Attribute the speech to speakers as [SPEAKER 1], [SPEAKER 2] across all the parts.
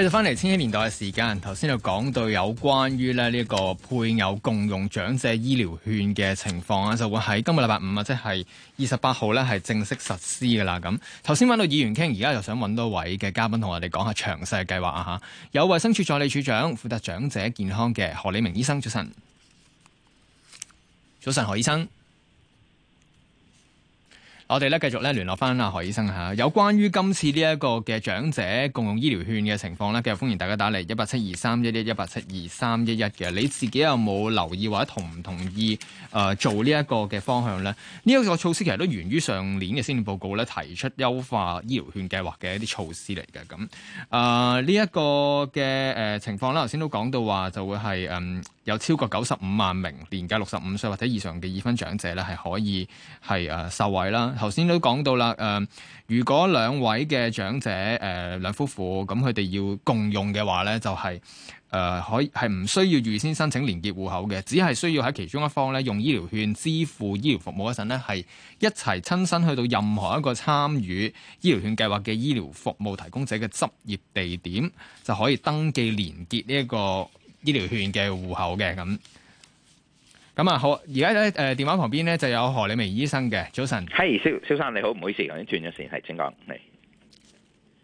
[SPEAKER 1] 繼續翻嚟《千禧年代》嘅時間，頭先就講到有關於咧呢個配偶共用長者醫療券嘅情況啊，就會喺今日禮拜五啊，即係二十八號咧係正式實施噶啦。咁頭先揾到議員傾，而家又想揾多位嘅嘉賓同我哋講下詳細嘅計劃啊吓。有衛生署助理署長負責長者健康嘅何理明醫生，早晨。早晨，何醫生。我哋咧繼續咧聯絡翻阿何醫生嚇、啊，有關於今次呢一個嘅長者共用醫療券嘅情況咧，繼續歡迎大家打嚟一八七二三一一一八七二三一一嘅，你自己有冇留意或者同唔同意誒、呃、做呢一個嘅方向咧？呢、這、一個措施其實都源於上年嘅施政報告咧，提出優化醫療券計劃嘅一啲措施嚟嘅咁。誒呢一個嘅誒、呃、情況咧，頭先都講到話就會係誒。嗯有超過九十五萬名年屆六十五歲或者以上嘅已婚長者咧，係可以係誒、呃、受惠啦。頭先都講到啦，誒、呃、如果兩位嘅長者誒兩、呃、夫婦咁，佢哋要共用嘅話咧，就係、是、誒、呃、可以係唔需要預先申請連結戶口嘅，只係需要喺其中一方咧用醫療券支付醫療服務嗰陣呢，係一齊親身去到任何一個參與醫療券計劃嘅醫療服務提供者嘅執業地點，就可以登記連結呢、這、一個。醫療券嘅戶口嘅咁，咁啊好，而家咧誒電話旁邊咧就有何理明醫生嘅早晨，嘿蕭蕭生你好，唔好意思，我哋轉咗線，係請講，係，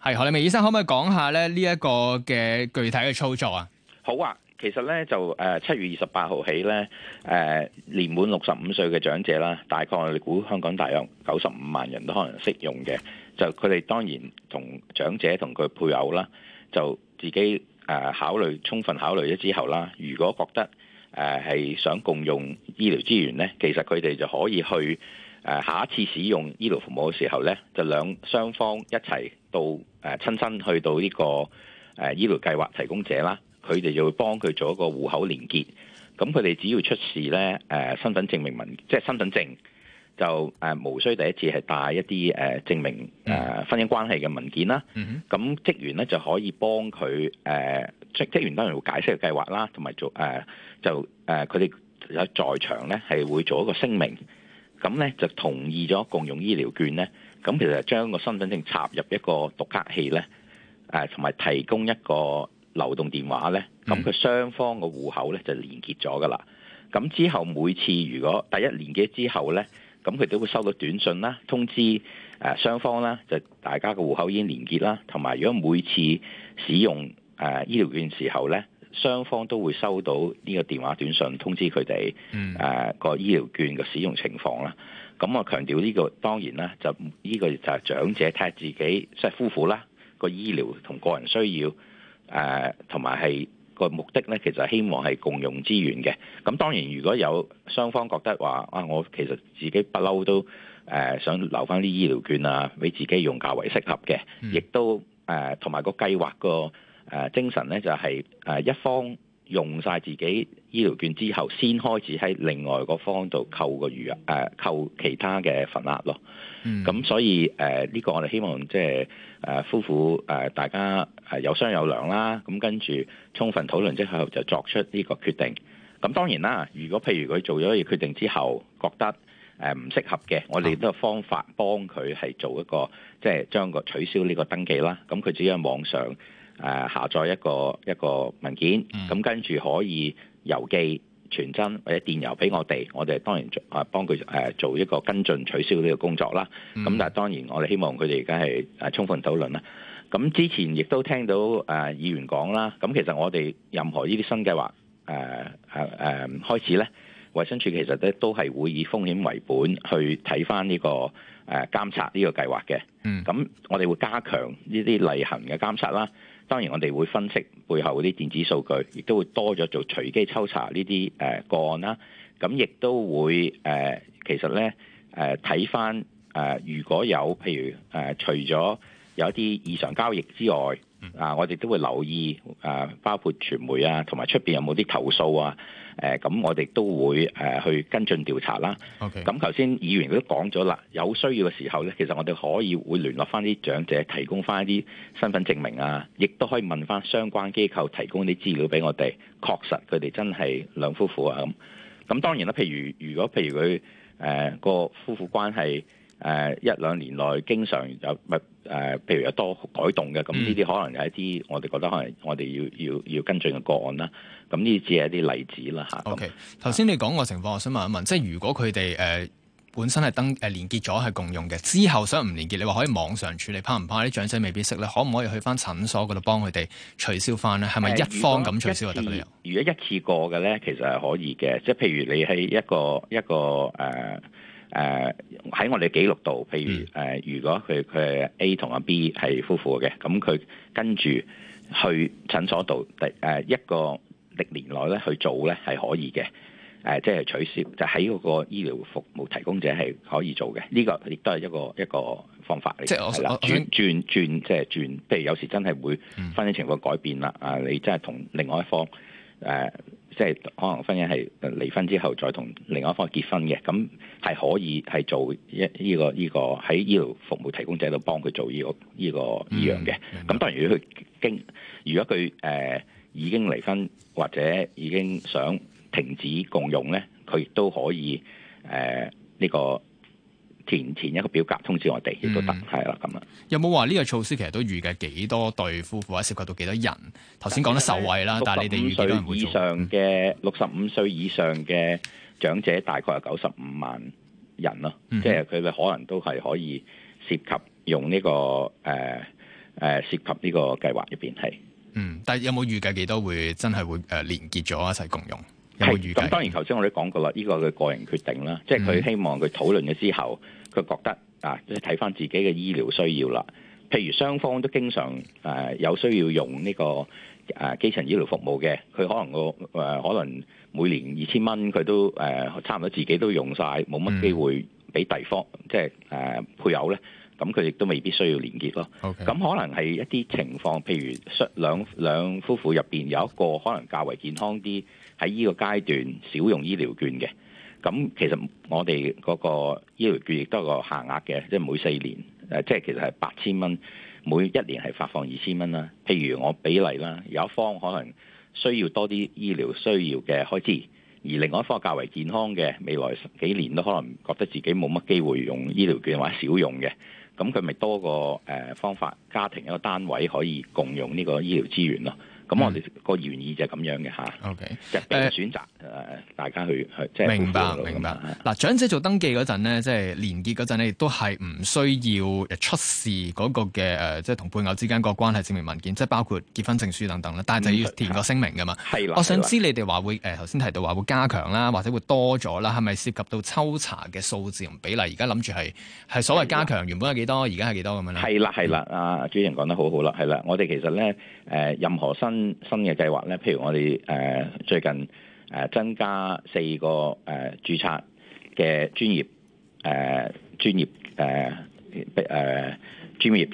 [SPEAKER 1] 係何理明醫生可唔可以講下咧呢一個嘅具體嘅操作啊？
[SPEAKER 2] 好啊，其實咧就誒七、呃、月二十八號起咧誒、呃、年滿六十五歲嘅長者啦，大概我哋估香港大約九十五萬人都可能適用嘅，就佢哋當然同長者同佢配偶啦，就自己。誒、啊、考慮充分考慮咗之後啦，如果覺得誒係、啊、想共用醫療資源呢，其實佢哋就可以去誒、啊、下一次使用醫療服務嘅時候呢，就兩雙方一齊到誒、啊、親身去到呢、這個誒、啊、醫療計劃提供者啦，佢哋就會幫佢做一個戶口連結，咁佢哋只要出示呢誒、啊、身份證明文即係身份證。就誒、呃，無需第一次係帶一啲誒、呃、證明誒婚姻關係嘅文件啦。咁職、mm hmm. 員咧就可以幫佢誒職職員當然會解釋個計劃啦，同埋做誒、呃、就誒佢哋有在場咧係會做一個聲明。咁咧就同意咗共用醫療券咧。咁其實將個身份證插入一個讀卡器咧，誒同埋提供一個流動電話咧。咁佢雙方個戶口咧就連結咗噶啦。咁之後每次如果第一連結之後咧。咁佢哋都會收到短信啦，通知誒雙方啦，就大家嘅戶口已經連結啦，同埋如果每次使用誒、呃、醫療券時候咧，雙方都會收到呢個電話短信通知佢哋，誒、呃、個醫療券嘅使用情況啦。咁我強調呢、這個當然、這個、啦，就呢個就係長者睇下自己即係夫婦啦個醫療同個人需要誒，同埋係。個目的咧，其實希望係共用資源嘅。咁當然，如果有雙方覺得話啊，我其實自己不嬲都誒、呃、想留翻啲醫療券啊，俾自己用較為適合嘅，亦、嗯、都誒同埋個計劃個誒、呃、精神咧，就係、是、誒、呃、一方用晒自己醫療券之後，先開始喺另外個方度扣個餘額誒、呃、扣其他嘅份額咯。咁、嗯、所以誒呢、呃這個我哋希望即係誒夫婦誒、呃、大家誒有商有量啦，咁跟住充分討論之後就作出呢個決定。咁當然啦，如果譬如佢做咗一個決定之後覺得誒唔適合嘅，我哋都有方法幫佢係做一個即係將個取消呢個登記啦。咁佢只要喺網上誒、呃、下載一個一個文件，咁、嗯、跟住可以郵寄。傳真或者電郵俾我哋，我哋當然啊幫佢誒做一個跟進取消呢個工作啦。咁、嗯、但係當然我哋希望佢哋而家係誒充分討論啦。咁之前亦都聽到誒議員講啦。咁其實我哋任何呢啲新計劃誒誒誒開始咧，衞生署其實咧都係會以風險為本去睇翻呢個誒監察呢個計劃嘅。嗯。咁我哋會加強呢啲例行嘅監察啦。當然，我哋會分析背後嗰啲電子數據，亦都會多咗做隨機抽查呢啲誒個案啦。咁亦都會誒，其實咧誒睇返誒，如果有譬如誒，除咗有一啲異常交易之外。啊！ uh, 我哋都會留意，誒包括傳媒啊，同埋出邊有冇啲投訴啊？誒咁，我哋都會誒去跟進調查啦。Okay. 咁頭先議員都講咗啦，有需要嘅時候咧，其實我哋可以會聯絡翻啲長者，提供翻一啲身份證明啊，亦都可以問翻相關機構提供啲資料俾我哋，確實佢哋真係兩夫婦啊。咁咁當然啦，譬如如果譬如佢誒個夫婦關係。誒一兩年內經常有乜誒，uh, 譬如有多改動嘅，咁呢啲可能有一啲我哋覺得可能我哋要要要跟進嘅個案啦。咁呢啲只係一啲例子啦嚇。O K，
[SPEAKER 1] 頭先你講個情況，我想問一問，即係如果佢哋誒本身係登誒、uh, 連結咗係共用嘅，之後想唔連結，你話可以網上處理，怕唔怕啲長者未必識咧？可唔可以去翻診所嗰度幫佢哋取消翻咧？係咪一方咁取消就得啦？
[SPEAKER 2] 如果一次過嘅咧，其實係可以嘅，即係譬如你係一個一個誒。Uh 誒喺、呃、我哋記錄度，譬如誒、呃，如果佢佢 A 同阿 B 係夫婦嘅，咁佢跟住去診所度，第、呃、誒一個歷年內咧去做咧係可以嘅，誒、呃、即係取消，就喺、是、嗰個醫療服務提供者係可以做嘅，呢、這個亦都係一個一個方法嚟。即係我我轉轉轉即係轉，譬如有時真係會婚姻情況改變啦，啊、嗯呃，你真係同另外一方誒。呃即係可能婚姻係離婚之後再同另外一方結婚嘅，咁係可以係做一、呢、呢個呢、呢個喺醫療服務提供者度幫佢做呢、呢個呢、呢個呢樣嘅。咁當然如果佢經如果佢誒、呃、已經離婚或者已經想停止共用咧，佢亦都可以誒呢、呃呢個。填填一個表格通知我哋亦都得，係啦咁啊。
[SPEAKER 1] 有冇話呢個措施其實都預計幾多對夫婦或者涉及到幾多人？頭先講得受惠啦，但你哋預計以
[SPEAKER 2] 上嘅六十五歲以上嘅長者大概係九十五萬人咯，即係佢哋可能都係可以涉及用呢個誒誒涉及呢個計劃入邊係。嗯，
[SPEAKER 1] 但係有冇預計幾多會真係會誒連結咗一齊共用？有冇預計？咁當然頭
[SPEAKER 2] 先我都講過啦，呢個佢個人決定啦，即係佢希望佢討論嘅之後。佢覺得啊，睇翻自己嘅醫療需要啦。譬如雙方都經常誒、呃、有需要用呢、這個誒、呃、基層醫療服務嘅，佢可能個誒、呃、可能每年二千蚊，佢都誒差唔多自己都用晒，冇乜機會俾對方即係誒、呃、配偶咧。咁佢亦都未必需要連結咯。咁 Okay. 可能係一啲情況，譬如兩兩夫婦入邊有一個可能較為健康啲，喺呢個階段少用醫療券嘅。咁其實我哋嗰個醫療券亦都係個限額嘅，即係每四年，誒，即係其實係八千蚊，每一年係發放二千蚊啦。譬如我比例啦，有一方可能需要多啲醫療需要嘅開支，而另外一方較為健康嘅，未來十幾年都可能覺得自己冇乜機會用醫療券或者少用嘅，咁佢咪多個誒方法，家庭一個單位可以共用呢個醫療資源咯。咁我哋個願意就係咁樣嘅嚇。OK，就俾個選擇大家去去，即係明白明白。
[SPEAKER 1] 嗱，長者做登記嗰陣咧，即係連結嗰陣咧，亦都係唔需要出示嗰個嘅誒，即係同配偶之間個關係證明文件，即係包括結婚證書等等啦。但係就要填個聲明㗎嘛。係啦。我想知你哋話會誒頭先提到話會加強啦，或者會多咗啦，係咪涉及到抽查嘅數字同比例？而家諗住係係所謂加強原本係幾多，而家係幾多咁樣咧？
[SPEAKER 2] 係啦係啦，阿主 s i 講得好好啦，係啦。我哋其實咧，誒任何新新嘅計劃咧，譬如我哋誒、呃、最近誒、呃、增加四個誒、呃、註冊嘅專業誒專業誒誒專業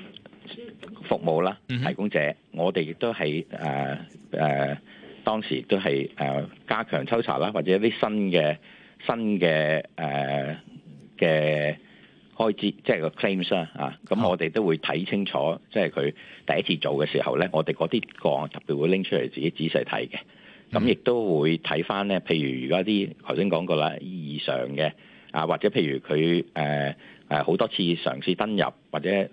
[SPEAKER 2] 服務啦，提供者我哋亦都係誒誒當時都係誒加強抽查啦，或者一啲新嘅新嘅誒嘅。呃開始即係個 claims 啦，啊，咁我哋都會睇清楚，哦、即係佢第一次做嘅時候呢，我哋嗰啲個案特別會拎出嚟自己仔細睇嘅，咁亦都會睇翻呢，譬如如果啲頭先講過啦，異常嘅啊，或者譬如佢誒誒好多次嘗試登入，或者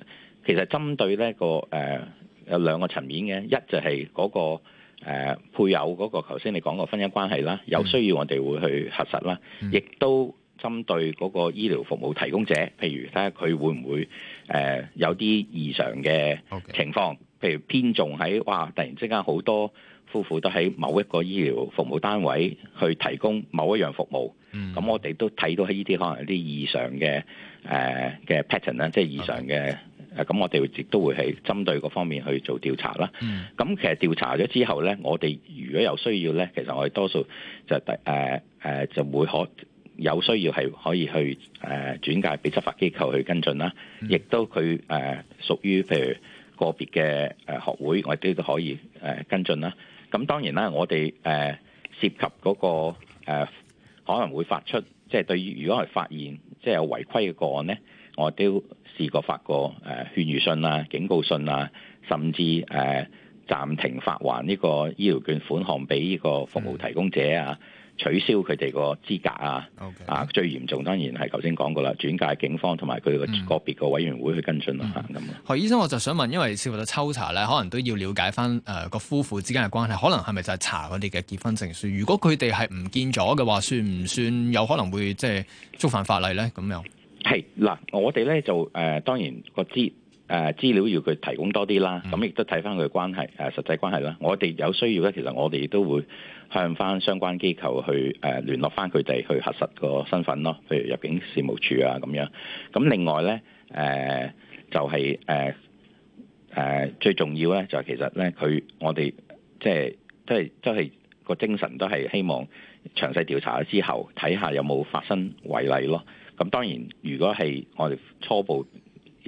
[SPEAKER 2] 其實針對呢個誒、呃、有兩個層面嘅，一就係嗰、嗰個、呃、配偶嗰、嗰個頭先你講個婚姻關係啦，有需要我哋會去核實啦，亦、嗯、都。針對嗰個醫療服務提供者，譬如睇下佢會唔會誒、呃、有啲異常嘅情況，譬如偏重喺哇，突然之間好多夫婦都喺某一個醫療服務單位去提供某一樣服務，咁、嗯嗯、我哋都睇到喺呢啲可能有啲異常嘅誒嘅 pattern 啦，即係異常嘅。咁我哋亦都會係針對嗰方面去做調查啦。咁、嗯嗯、其實調查咗之後咧，我哋如果有需要咧，其實我哋多數就誒誒就會可。呃呃呃呃呃呃呃呃有需要係可以去誒轉介俾執法機構去跟進啦，亦都佢誒屬於譬如個別嘅誒學會，我哋都可以誒跟進啦。咁當然啦，我哋誒涉及嗰個誒可能會發出，即係對於如果係發現即係有違規嘅個案咧，我都試過發過誒勸喻信啊、警告信啊，甚至誒暫停發還呢個醫療券款項俾呢個服務提供者啊。取消佢哋個資格啊！Okay. 啊，最嚴重當然係頭先講過啦，轉介警方同埋佢哋個個別個委員會去跟進啦。咁、嗯，嗯、
[SPEAKER 1] 樣何醫生我就想問，因為涉及到抽查咧，可能都要了解翻誒、呃、個夫婦之間嘅關係，可能係咪就係查佢哋嘅結婚證書？如果佢哋係唔見咗嘅話，算唔算有可能會即係觸犯法例咧？咁樣
[SPEAKER 2] 係嗱，我哋咧就誒、呃、當然個資。誒、啊、資料要佢提供多啲啦，咁、啊、亦都睇翻佢嘅關係誒、啊、實際關係啦。我哋有需要咧，其實我哋亦都會向翻相關機構去誒、啊、聯絡翻佢哋去核實個身份咯，譬如入境事務處啊咁樣。咁、啊、另外咧誒、啊、就係誒誒最重要咧就係其實咧佢我哋即係即係即係個精神都係希望詳細調查之後睇下有冇發生違例咯。咁、啊、當然如果係我哋初步。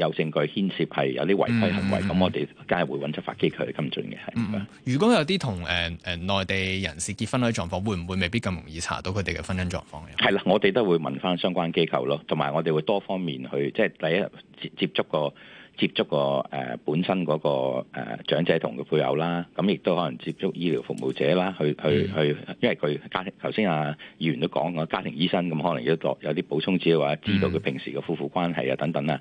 [SPEAKER 2] 有證據牽涉係有啲違規行為，咁、嗯嗯、我哋梗係會揾執法機構嚟跟進嘅，係、嗯、
[SPEAKER 1] 如果有啲同誒誒內地人士結婚嘅啲狀況，會唔會未必咁容易查到佢哋嘅婚姻狀況
[SPEAKER 2] 咧？係啦，我哋都會問翻相關機構咯，同埋我哋會多方面去，即係第一接接觸個。接觸個誒、呃、本身嗰、那個誒、呃、長者同佢配偶啦，咁亦都可能接觸醫療服務者啦，去、嗯、去去，因為佢家庭頭先啊議員都講過家庭醫生咁，可能有啲有啲補充之話，知道佢平時嘅夫婦關係啊等等啊，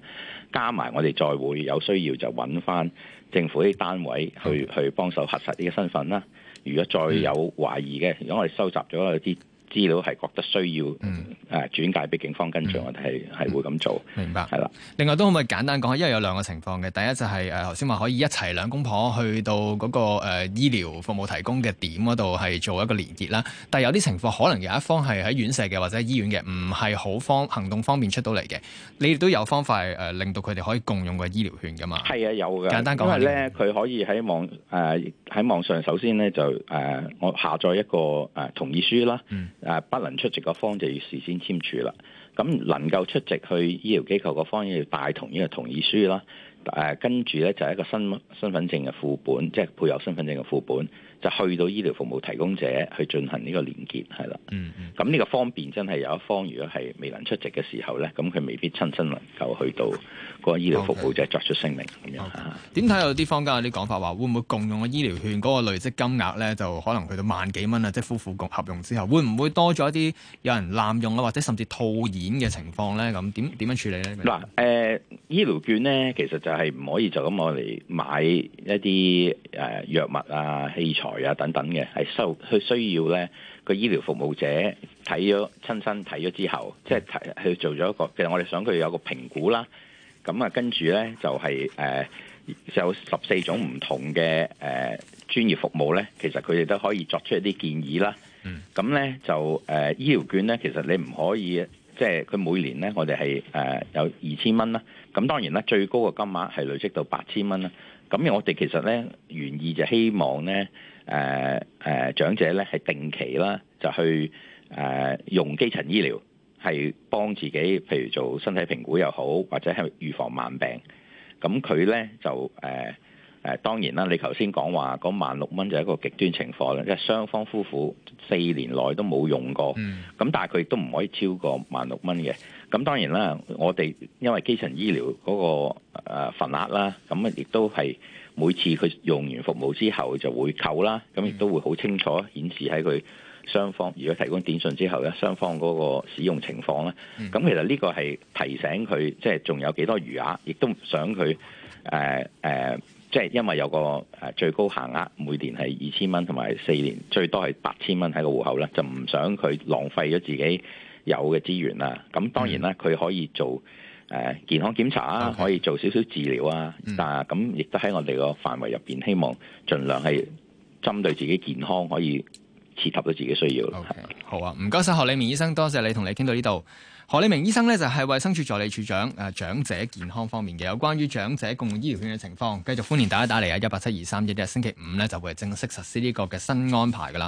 [SPEAKER 2] 加埋我哋再會有需要就揾翻政府啲單位去、嗯、去幫手核實啲身份啦。如果再有懷疑嘅，如果我哋收集咗一啲，資料係覺得需要誒、嗯呃、轉介俾警方跟住，我哋係係會咁做。明白，係啦
[SPEAKER 1] 的。另外都可唔可以簡單講下，因為有兩個情況嘅。第一就係誒，頭先話可以一齊兩公婆去到嗰個誒醫療服務提供嘅點嗰度係做一個連結啦。但係有啲情況可能有一方係喺院舍嘅，或者醫院嘅，唔係好方行動方面出到嚟嘅。你哋都有方法誒令到佢哋可以共用個醫療券噶嘛？係啊，有嘅。簡單講因為咧，
[SPEAKER 2] 佢、嗯、可以喺網誒喺、呃、網上，首先咧就誒、呃、我下載一個誒同意書啦。嗯嗯誒不能出席嘅方就要事先簽署啦。咁能夠出席去醫療機構嘅方要帶同呢個同意書啦。誒跟住咧就係一個身身份證嘅副本，即係配偶身份證嘅副本。就去到醫療服務提供者去進行呢個連結，係啦，咁呢、嗯嗯、個方便真係有一方如果係未能出席嘅時候咧，咁佢未必親身能夠去到個醫療服務者作出聲明咁 Okay. Okay.
[SPEAKER 1] 樣點睇、okay. 有啲坊間有啲講法話會唔會共用嘅醫療券嗰個累積金額咧，就可能去到萬幾蚊啊！即係夫婦共合用之後會唔會多咗一啲有人濫用啊，或者甚至套現嘅情況咧？咁點點樣處理咧？嗱，
[SPEAKER 2] 誒、呃，醫療券咧，其實就係唔可以就咁我嚟買一啲誒藥物啊、器材。啊啊啊啊啊啊啊等等嘅係需佢需要咧，個醫療服務者睇咗親身睇咗之後，即係去做咗一個，其實我哋想佢有個評估啦。咁啊，跟住咧就係誒有十四種唔同嘅誒專業服務咧，其實佢哋都可以作出一啲建議啦。咁咧就誒、呃、醫療券咧，其實你唔可以。即係佢每年咧，我哋係誒有二千蚊啦。咁當然啦，最高嘅金額係累積到八千蚊啦。咁我哋其實咧，願意就希望咧，誒、呃、誒長者咧係定期啦，就去誒、呃、用基層醫療，係幫自己，譬如做身體評估又好，或者係預防慢病。咁佢咧就誒。呃誒當然啦，你頭先講話嗰萬六蚊就係一個極端情況啦，即係雙方夫婦四年內都冇用過，咁、mm. 但係佢亦都唔可以超過萬六蚊嘅。咁當然啦，我哋因為基層醫療嗰個份額啦，咁啊亦都係每次佢用完服務之後就會扣啦，咁亦都會好清楚顯示喺佢雙方如果提供短信之後咧，雙方嗰個使用情況啦，咁、mm. 其實呢個係提醒佢即係仲有幾多餘額，亦都想佢誒誒。呃呃即係因為有個誒最高限額，每年係二千蚊，同埋四年最多係八千蚊喺個戶口咧，就唔想佢浪費咗自己有嘅資源啦。咁當然啦，佢、嗯、可以做誒、呃、健康檢查啊，Okay. 可以做少少治療啊。嗯、但係咁亦都喺我哋個範圍入邊，希望儘量係針對自己健康可以切合到自己需要。Okay.
[SPEAKER 1] 吧好啊，唔該晒，何理明醫生，多謝，謝你同你傾到呢度。何理明醫生咧就係衛生署助理署長誒、呃、長者健康方面嘅，有關於長者共用醫療券嘅情況，繼續歡迎大家打嚟啊！23, 一八七二三一一，星期五咧就會正式實施呢個嘅新安排㗎啦。